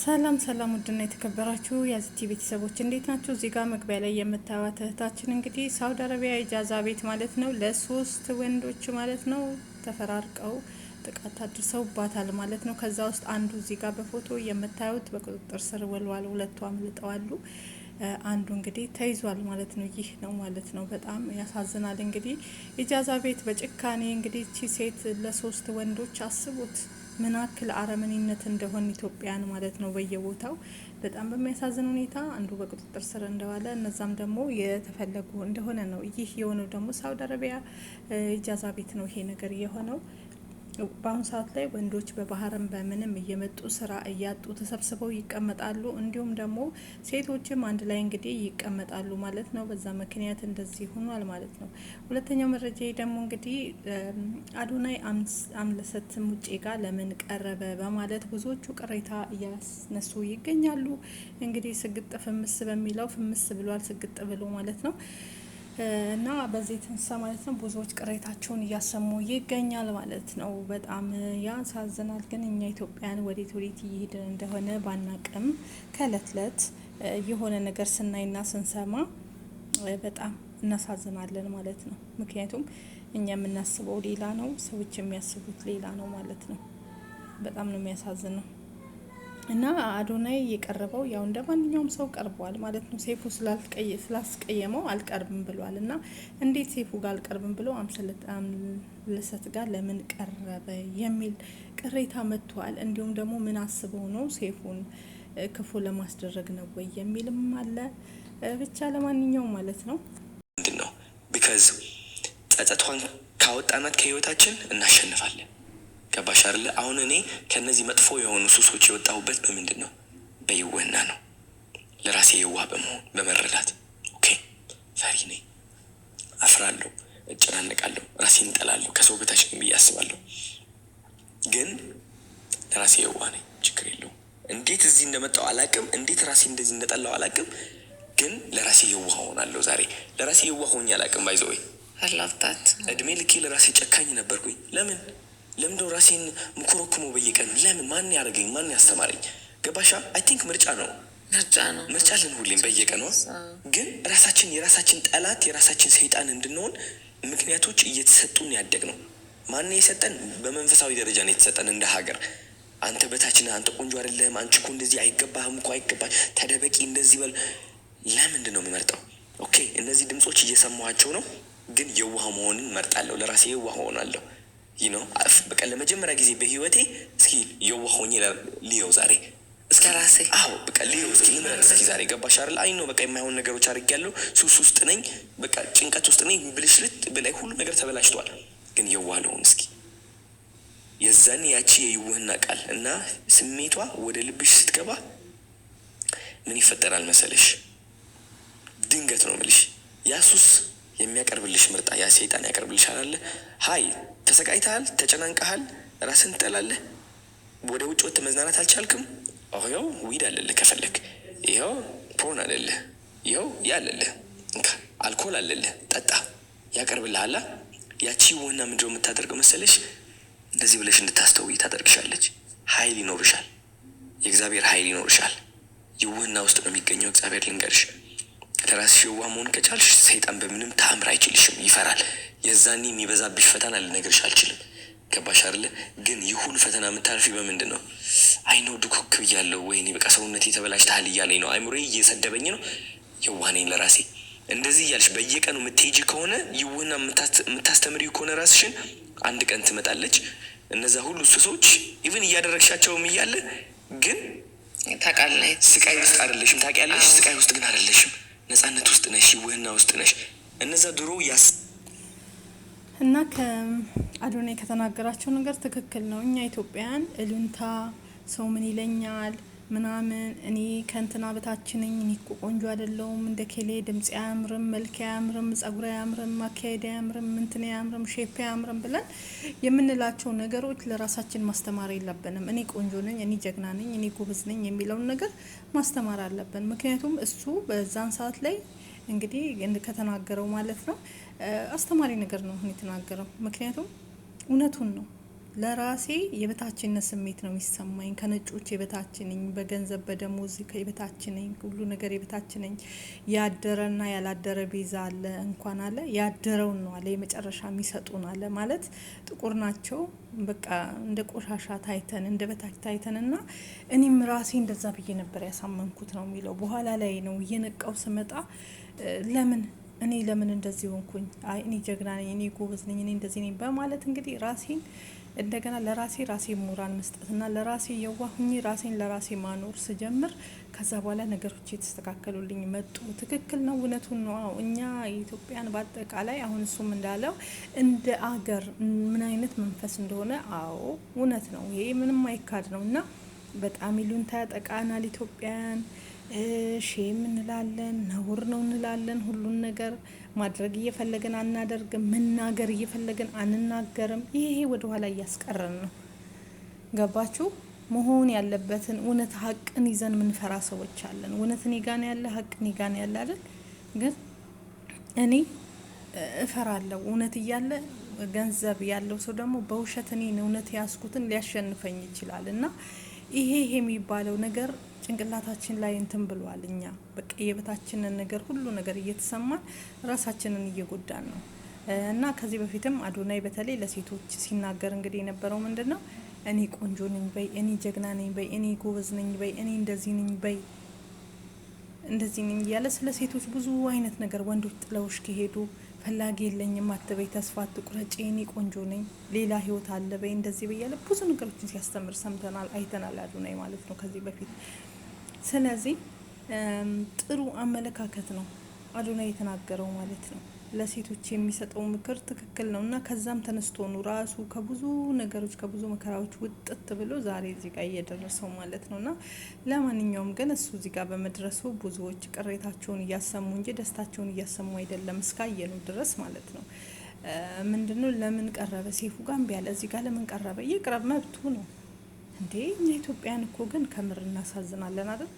ሰላም ሰላም፣ ውድና የተከበራችሁ የዚቲ ቤተሰቦች እንዴት ናቸው? እዚህ ጋር መግቢያ ላይ የምታዩት እህታችን እንግዲህ ሳውዲ አረቢያ ኢጃዛ ቤት ማለት ነው ለሶስት ወንዶች ማለት ነው ተፈራርቀው ጥቃት አድርሰውባታል ማለት ነው። ከዛ ውስጥ አንዱ እዚህ ጋር በፎቶ የምታዩት በቁጥጥር ስር ወልዋል። ሁለቱ አምልጠዋሉ። አንዱ እንግዲህ ተይዟል ማለት ነው። ይህ ነው ማለት ነው። በጣም ያሳዝናል። እንግዲህ ኢጃዛ ቤት በጭካኔ እንግዲህ ቺ ሴት ለሶስት ወንዶች አስቡት ምናክል አረመኔነት እንደሆን ኢትዮጵያን ማለት ነው በየቦታው በጣም በሚያሳዝን ሁኔታ አንዱ በቁጥጥር ስር እንደዋለ እነዛም ደግሞ የተፈለጉ እንደሆነ ነው። ይህ የሆነው ደግሞ ሳውዲ አረቢያ ኢጃዛ ቤት ነው ይሄ ነገር የሆነው። በአሁኑ ሰዓት ላይ ወንዶች በባህርም በምንም እየመጡ ስራ እያጡ ተሰብስበው ይቀመጣሉ። እንዲሁም ደግሞ ሴቶችም አንድ ላይ እንግዲህ ይቀመጣሉ ማለት ነው። በዛ ምክንያት እንደዚህ ሆኗል ማለት ነው። ሁለተኛው መረጃ ደግሞ እንግዲህ አዶናይ አምለሰትም ውጭ ጋር ለምን ቀረበ በማለት ብዙዎቹ ቅሬታ እያስነሱ ይገኛሉ። እንግዲህ ስግጥ ፍምስ በሚለው ፍምስ ብሏል፣ ስግጥ ብሎ ማለት ነው። እና በዚህ የተነሳ ማለት ነው ብዙዎች ቅሬታቸውን እያሰሙ ይገኛል ማለት ነው። በጣም ያሳዝናል። ግን እኛ ኢትዮጵያን ወዴት ወዴት እየሄድን እንደሆነ ባናቅም ከእለት እለት የሆነ ነገር ስናይና ስንሰማ በጣም እናሳዝናለን ማለት ነው። ምክንያቱም እኛ የምናስበው ሌላ ነው፣ ሰዎች የሚያስቡት ሌላ ነው ማለት ነው። በጣም ነው የሚያሳዝነው። እና አዶናይ የቀረበው ያው እንደ ማንኛውም ሰው ቀርቧል ማለት ነው። ሴፉ ስላስቀየመው አልቀርብም ብሏል። እና እንዴት ሴፉ ጋር አልቀርብም ብሎ አምለሰት ጋር ለምን ቀረበ የሚል ቅሬታ መጥቷል። እንዲሁም ደግሞ ምን አስበው ነው ሴፉን ክፉ ለማስደረግ ነው ወይ የሚልም አለ። ብቻ ለማንኛውም ማለት ነው ምንድን ነው ቢካዝ ጸጸቷን ካወጣናት ከህይወታችን እናሸንፋለን። ገባሽ አይደለ? አሁን እኔ ከነዚህ መጥፎ የሆኑ ሱሶች የወጣሁበት በምንድን ነው? በይወና ነው። ለራሴ የዋህ በመሆን በመረዳት ኦኬ፣ ፈሪ ነኝ፣ አፍራለሁ፣ እጨናነቃለሁ፣ ራሴን እንጠላለሁ፣ ከሰው በታች ብዬ አስባለሁ። ግን ለራሴ የዋህ ነኝ፣ ችግር የለውም። እንዴት እዚህ እንደመጣው አላቅም፣ እንዴት ራሴ እንደዚህ እንደጠላው አላቅም። ግን ለራሴ የዋህ ሆናለሁ። ዛሬ ለራሴ የዋህ ሆኜ አላቅም። ባይዘወይ እድሜ ልኬ ለራሴ ጨካኝ ነበርኩኝ። ለምን ለምንድነው ራሴን ምኮረኩሞ በየቀን? ለምን ማን ያደረገኝ? ማን ያስተማረኝ? ገባሻ? አይ ቲንክ ምርጫ ነው ምርጫ ነው ምርጫ ልን ሁሌም በየቀን ግን ራሳችን የራሳችን ጠላት የራሳችን ሰይጣን እንድንሆን ምክንያቶች እየተሰጡን ያደግ ነው። ማን የሰጠን? በመንፈሳዊ ደረጃ ነው የተሰጠን እንደ ሀገር አንተ በታችን አንተ ቆንጆ አይደለም፣ አንቺ እኮ እንደዚህ አይገባህም እኮ አይገባህ፣ ተደበቂ፣ እንደዚህ በል። ለምንድን ነው የምመርጠው? ኦኬ እነዚህ ድምፆች እየሰማኋቸው ነው፣ ግን የዋህ መሆንን መርጣለሁ። ለራሴ የዋህ ሆናለሁ። ነው በቃ ለመጀመሪያ ጊዜ በህይወቴ እስኪ የዋ ሆኜ ልየው ዛሬ እስኪ ራሴ አዎ በቃ ልየው እስኪ ልምረጥ እስኪ ዛሬ ገባሽ አይደል? አይ ነው በቃ የማይሆን ነገሮች አድርጌያለሁ። ሱስ ውስጥ ነኝ፣ በቃ ጭንቀት ውስጥ ነኝ፣ ብልሽልት በላይ ሁሉ ነገር ተበላሽቷል። ግን የዋ ልሆን እስኪ የዛን ያቺ የይውህና ቃል እና ስሜቷ ወደ ልብሽ ስትገባ ምን ይፈጠራል መሰለሽ? ድንገት ነው ምልሽ ያ ሱስ የሚያቀርብልሽ ምርጣ ያ ሰይጣን ያቀርብልሽ አላለ ሀይ ተሰቃይተሃል፣ ተጨናንቀሃል፣ ራስን ትጠላለህ፣ ወደ ውጭ ወት መዝናናት አልቻልክም። ይኸው ዊድ አለልህ ከፈለግ ይኸው ፖርን አለልህ፣ ይኸው ያ አለልህ፣ አልኮል አለልህ፣ ጠጣ ያቀርብልሃላ። ያቺ ውህና ምንድነው የምታደርገው መሰለሽ? እንደዚህ ብለሽ እንድታስተው ታደርግሻለች። ሀይል ይኖርሻል፣ የእግዚአብሔር ኃይል ይኖርሻል። ይውህና ውስጥ ነው የሚገኘው እግዚአብሔር ልንገርሽ ለራስሽ የዋህ መሆን ከቻልሽ ሰይጣን በምንም ተአምር አይችልሽም፣ ይፈራል። የዛኔ የሚበዛብሽ ፈተና ልነግርሽ አልችልም። ገባሽ አይደለ? ግን ይሁን ፈተና የምታልፊ በምንድን ነው? አይ ድኩክ ብያለሁ። ወይኔ በቃ ሰውነቴ ተበላሽቷል እያለኝ ነው፣ አይምሮ እየሰደበኝ ነው፣ የዋህ ለራሴ እንደዚህ እያልሽ በየቀኑ የምትሄጂ ከሆነ ይውህና የምታስተምሪ ከሆነ ራስሽን አንድ ቀን ትመጣለች። እነዛ ሁሉ ሱሶች ኢቨን እያደረግሻቸውም እያለ ግን ታውቃለህ፣ ስቃይ ውስጥ አይደለሽም። ታውቂያለሽ፣ ስቃይ ውስጥ ግን አይደለሽም። ነጻነት ውስጥ ነሽ፣ ሽውህና ውስጥ ነሽ። እነዛ ድሮ ያስ እና ከአዶናይ ከተናገራቸው ነገር ትክክል ነው። እኛ ኢትዮጵያን እሉንታ ሰው ምን ይለኛል ምናምን እኔ ከንትና በታች ነኝ፣ እኔ እኮ ቆንጆ አይደለሁም፣ እንደ ኬሌ ድምፅ አያምርም፣ መልክ አያምርም፣ ጸጉር አያምርም፣ ማካሄድ አያምርም፣ ምንትን አያምርም፣ ሼፕ አያምርም ብለን የምንላቸው ነገሮች ለራሳችን ማስተማር የለብንም። እኔ ቆንጆ ነኝ፣ እኔ ጀግና ነኝ፣ እኔ ጎበዝ ነኝ የሚለውን ነገር ማስተማር አለብን። ምክንያቱም እሱ በዛን ሰዓት ላይ እንግዲህ ከተናገረው ማለት ነው አስተማሪ ነገር ነው የተናገረው። ምክንያቱም እውነቱን ነው ለራሴ የበታችነት ስሜት ነው የሚሰማኝ። ከነጮች የበታችነኝ፣ በገንዘብ በደሞዝ የበታችነኝ፣ ሁሉ ነገር የበታችነኝ። ያደረና ያላደረ ቤዛ አለ እንኳን አለ ያደረውን ነው አለ የመጨረሻ የሚሰጡን አለ ማለት ጥቁር ናቸው በቃ እንደ ቆሻሻ ታይተን እንደ በታች ታይተን እና እኔም ራሴ እንደዛ ብዬ ነበር ያሳመንኩት ነው የሚለው። በኋላ ላይ ነው እየነቃው ስመጣ ለምን እኔ ለምን እንደዚህ ሆንኩኝ? አይ እኔ ጀግና ነኝ፣ እኔ ጎበዝ ነኝ፣ እኔ እንደዚህ ነኝ በማለት እንግዲህ ራሴን እንደገና ለራሴ ራሴ ሙራን መስጠትና ለራሴ የዋሁኝ ራሴን ለራሴ ማኖር ስጀምር ከዛ በኋላ ነገሮች የተስተካከሉልኝ መጡ። ትክክል ነው፣ እውነቱን ነው። እኛ የኢትዮጵያን በአጠቃላይ አሁን እሱም እንዳለው እንደ አገር ምን አይነት መንፈስ እንደሆነ አዎ፣ እውነት ነው። ይሄ ምንም አይካድ ነው እና በጣም ይሉንታ ያጠቃናል ኢትዮጵያን ሼም እንላለን፣ ነውር ነው እንላለን። ሁሉን ነገር ማድረግ እየፈለግን አናደርግም፣ መናገር እየፈለግን አንናገርም። ይሄ ወደኋላ እያስቀረን ነው። ገባችሁ? መሆን ያለበትን እውነት ሀቅን ይዘን ምንፈራ ሰዎች አለን። እውነት እኔ ጋን ያለ ሀቅ እኔ ጋን ያለ አይደል? ግን እኔ እፈራለሁ። እውነት እያለ ገንዘብ ያለው ሰው ደግሞ በውሸት እኔን እውነት ያስኩትን ሊያሸንፈኝ ይችላል እና ይሄ ይሄ የሚባለው ነገር ጭንቅላታችን ላይ እንትን ብሏል። እኛ በቃ የበታችንን ነገር ሁሉ ነገር እየተሰማን ራሳችንን እየጎዳን ነው። እና ከዚህ በፊትም አዶናይ በተለይ ለሴቶች ሲናገር እንግዲህ የነበረው ምንድን ነው? እኔ ቆንጆ ነኝ በይ፣ እኔ ጀግና ነኝ በይ፣ እኔ ጎበዝ ነኝ በይ፣ እኔ እንደዚህ ነኝ በይ፣ እንደዚህ ነኝ እያለ ስለ ሴቶች ብዙ አይነት ነገር ወንዶች ጥለውሽ ከሄዱ ፈላጊ የለኝም አትበይ፣ ተስፋ አትቁረጪ፣ እኔ ቆንጆ ነኝ፣ ሌላ ህይወት አለ በይ፣ እንደዚህ በያለ ብዙ ነገሮችን ሲያስተምር ሰምተናል፣ አይተናል አዶናይ ማለት ነው ከዚህ በፊት። ስለዚህ ጥሩ አመለካከት ነው አዶናይ የተናገረው ማለት ነው። ለሴቶች የሚሰጠው ምክር ትክክል ነው እና ከዛም ተነስቶ ነው ራሱ ከብዙ ነገሮች ከብዙ መከራዎች ውጥት ብሎ ዛሬ እዚህ ጋር እየደረሰው ማለት ነው እና ለማንኛውም ግን እሱ እዚህ ጋር በመድረሱ ብዙዎች ቅሬታቸውን እያሰሙ እንጂ ደስታቸውን እያሰሙ አይደለም እስካየኑ ድረስ ማለት ነው። ምንድን ነው ለምን ቀረበ ሴፉ ጋር እምቢ ያለ እዚህ ጋር ለምን ቀረበ? እየቅረብ መብቱ ነው እንዴ። እኛ ኢትዮጵያን እኮ ግን ከምር እናሳዝናለን አይደል?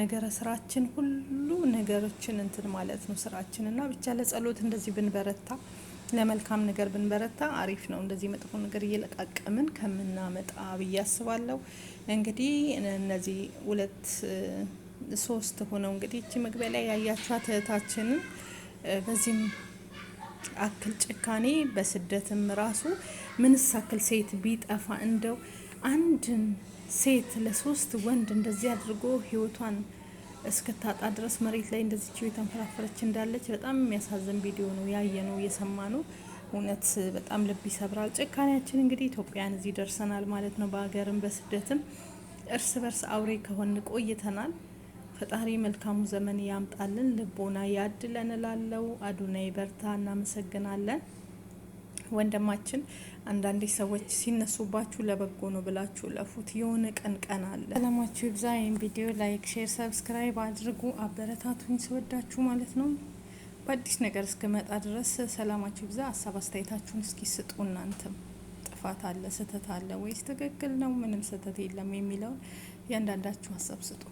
ነገረ ስራችን ሁሉ ነገሮችን እንትን ማለት ነው ስራችን እና ብቻ ለጸሎት እንደዚህ ብንበረታ ለመልካም ነገር ብንበረታ አሪፍ ነው። እንደዚህ መጥፎ ነገር እየለቃቀምን ከምናመጣ ብዬ አስባለሁ። እንግዲህ እነዚህ ሁለት ሶስት ሆነው እንግዲህ እቺ መግቢያ ላይ ያያችኋት እህታችንን በዚህም አክል ጭካኔ በስደትም ራሱ ምንስ አክል ሴት ቢጠፋ እንደው አንድን ሴት ለሶስት ወንድ እንደዚህ አድርጎ ህይወቷን እስክታጣ ድረስ መሬት ላይ ችው የተንፈራፈረች እንዳለች በጣም የሚያሳዝን ቪዲዮ ነው እየሰማ የሰማነው። እውነት በጣም ልብ ይሰብራል። ጭካኔያችን እንግዲህ ኢትዮጵያን እዚህ ደርሰናል ማለት ነው። በሀገርም በስደትም እርስ በርስ አውሬ ከሆን ቆይተናል። ፈጣሪ መልካሙ ዘመን ያምጣልን፣ ልቦና ያድለን ላለው አዱና ይበርታ። እናመሰግናለን። ወንድማችን አንዳንዴ ሰዎች ሲነሱባችሁ ለበጎ ነው ብላችሁ ለፉት። የሆነ ቀን ቀን አለ። ሰላማችሁ ይብዛ። ይህን ቪዲዮ ላይክ፣ ሼር፣ ሰብስክራይብ አድርጉ። አበረታቱኝ ስወዳችሁ ማለት ነው። በአዲስ ነገር እስክመጣ ድረስ ሰላማችሁ ይብዛ። ሀሳብ አስተያየታችሁን እስኪ ስጡ። እናንተም ጥፋት አለ ስህተት አለ ወይስ ትክክል ነው ምንም ስህተት የለም የሚለውን እያንዳንዳችሁ ሀሳብ ስጡ።